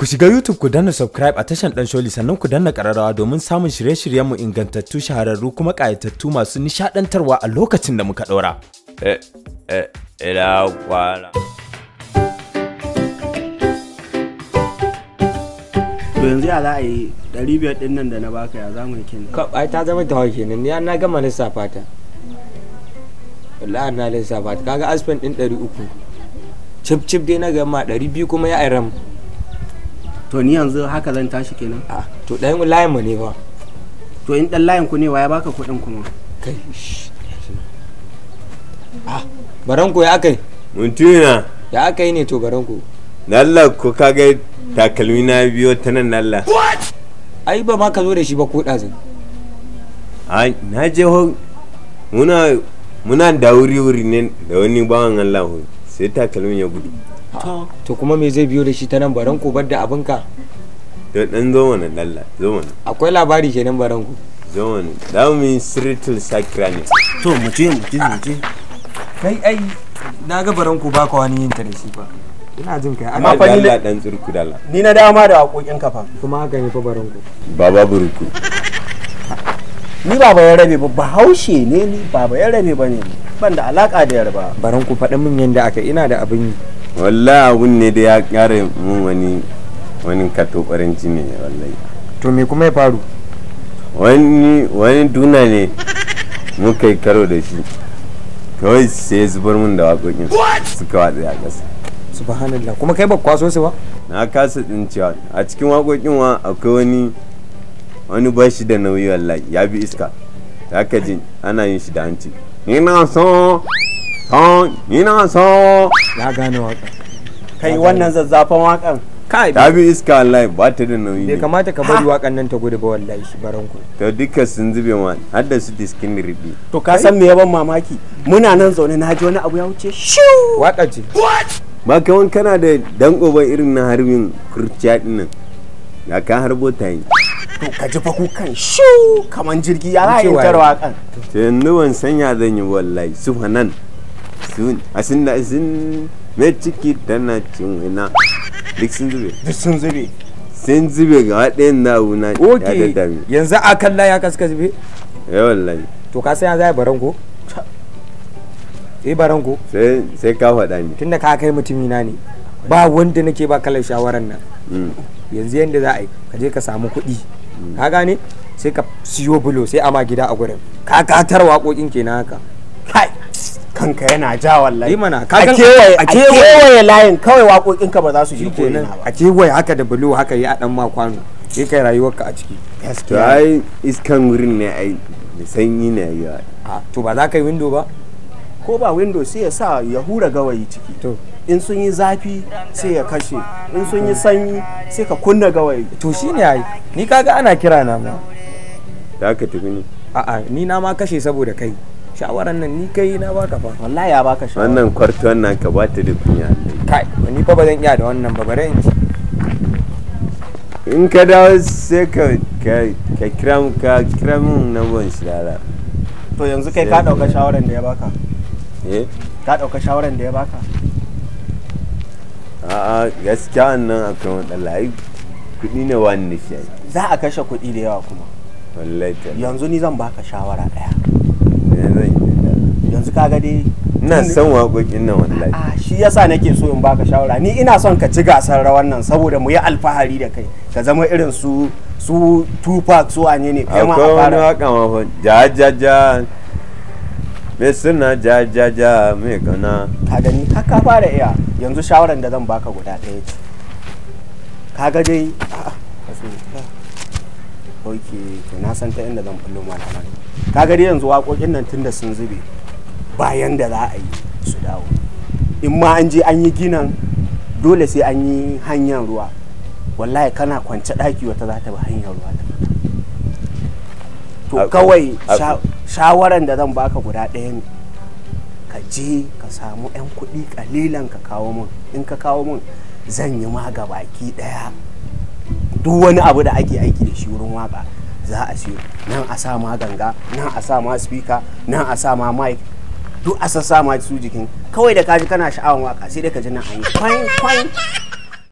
Ku shiga YouTube ku danna subscribe a tashan Dan Sholi sannan ku danna ƙararrawa domin samun shirye-shiryenmu ingantattu shahararru kuma ƙayatattu masu nishaɗantarwa a lokacin da muka ɗora. Eh, eh, ila to yanzu ya za a yi ɗari biyar ɗin nan da na baka ya za mu yi kenan. ka ai ta zama tawa kenan ya na gama lissafa safata. Wallahi na lissafa safata, kaga aspen ɗin ɗari uku cif cif dai na gama ɗari biyu kuma ya ram. to ni yanzu haka zan tashi kenan a ah, to dan layin mu ne ba to in ɗan layin ku ne waya baka kuɗin kuma kai a ah, baranku ya akai mutuna ya akai ne to baranku nalla ko ga takalmi na biyo ta nan nalla ai ba ma ka zo da shi ba ko ɗazin a na je muna muna da wuri wuri ne da wani bawan Allah sai takalmin ya gudu to kuma me zai biyo da shi ta nan baran ku bar da abin ka to dan zo mana lalla zo mana akwai labari kenan baran ku zo mana da mu yi sirritul sakirani. to mu je mu je mu je kai ai na ga baran ku ba ka wani yin ta da shi ba ina jin kai amma fa ni dan tsirku dalla ni na dama da hakokin kafa kuma haka ne fa baran ku baba burku ni baba ya rabe ba haushe ne ni baba ya rabe ba ne ban da alaka da yarba baran ku faɗa min yadda aka ina da abin yi walla abun ne da ya kare mun wani wani katobaranci ne wallahi to me kuma ya faru wani wani duna ne muka yi karo da shi kawai sai zubar mun da wakokin suka watsa ya kasa subhanallah kuma kai ba kwaso su ba na kasa din cewa a cikin wakokin wa akwai wani wani ba shi da nauyi wallahi ya bi iska haka ji ana yin shi da hanci ina so son ina so ya gane waka kai wannan zazzafan wakan kai ta bi iska wallahi ba ta da nauyi bai kamata ka bari wakan nan ta gudu ba wallahi shi baranku to duka sun zube ma har da su diskin ribi to ka san me yaban mamaki muna nan zaune na ji wani abu ya wuce shiu waka ce ba kawai kana da danko ba irin na harbin kurciya dinnan ya ka harbo ta yi to ka ji fa kukan shiu kaman jirgi ya ra'ayin tarwa kan to yanzu ban sanya zan yi wallahi subhanan sun sun da sun mai ciki tana cin wina duk sun zube duk sun zube sun zube ga ɗayan na wuna ya dami yanzu a kalla ya kaska zube ya eh, wallahi to ka san ya zai baran ko eh baran ko sai ka faɗa ni tunda ka kai mutumi na ne ba wanda nake ba kalar shawaran nan mm. yanzu yanda za a yi ka je ka samu kuɗi mm. ka gane sai ka siyo bulo sai ama gida a gurin ka katar waƙoƙin kenan haka kai kanka yana ja wallahi mana ka a kewaye a kewaye layin kawai waƙoƙinka ka ba za su yi ko ina ba a kewaye haka da bulo haka yi a dan ma kwano sai kai rayuwarka a ciki to ai iskan wurin ne ai da sanyi ne yi to ba za ka yi window ba ko ba window sai ya sa ya hura gawayi ciki to in sun yi zafi sai ya kashe in sun yi sanyi sai ka kunna gawayi to shine ai ni kaga ana kira na ma da ka tafi ni a'a ni na ma kashe saboda kai shawaran nan ni kai na baka fa wallahi ya baka shawara wannan kwarti wannan ka ba ta da kunya kai ni fa ba zan iya da wannan ba bare ni in ka dawo sai ka ka kira ka kiram na ban shi to yanzu kai ka dauka shawaran da ya baka eh ka dauka shawaran da ya baka a'a gaskiya wannan akan wallahi kuɗi ne wani shi za a kashe kuɗi da yawa kuma yanzu ni zan baka shawara ɗaya yanzu kaga dai ina son waƙoƙin nan wallahi a shi yasa nake so in baka shawara ni ina son ka ci gasar rawan nan saboda mu yi alfahari da kai ka zama irin su su Tupac su anye ne kai ma fara akwai wani waƙa ja ja ja me suna ja ja ja me kana ka gani har ka fara iya yanzu shawaran da zan baka guda ɗaya ce kaga dai ok to na san ta inda zan bullo ma ka kaga dai yanzu waƙoƙin nan tunda sun zube bayan da za a yi su dawo in ma an je an yi ginan dole sai an yi hanyar ruwa wallahi kana kwance ɗaki wata za ta bi hanyar ruwa ta to kawai shawaran da zan baka guda ɗaya ne ka je ka samu 'yan kuɗi kalilan ka kawo mun in ka kawo mun zan yi ma ga baki ɗaya duk wani abu da ake aiki da shi wurin waka za a siyo nan a sa ma ganga nan a sa ma speaker nan a sa ma mic duk a sassa ma su jikin kawai da kaji kana sha'awan waka sai dai ka ji nan an yi kwain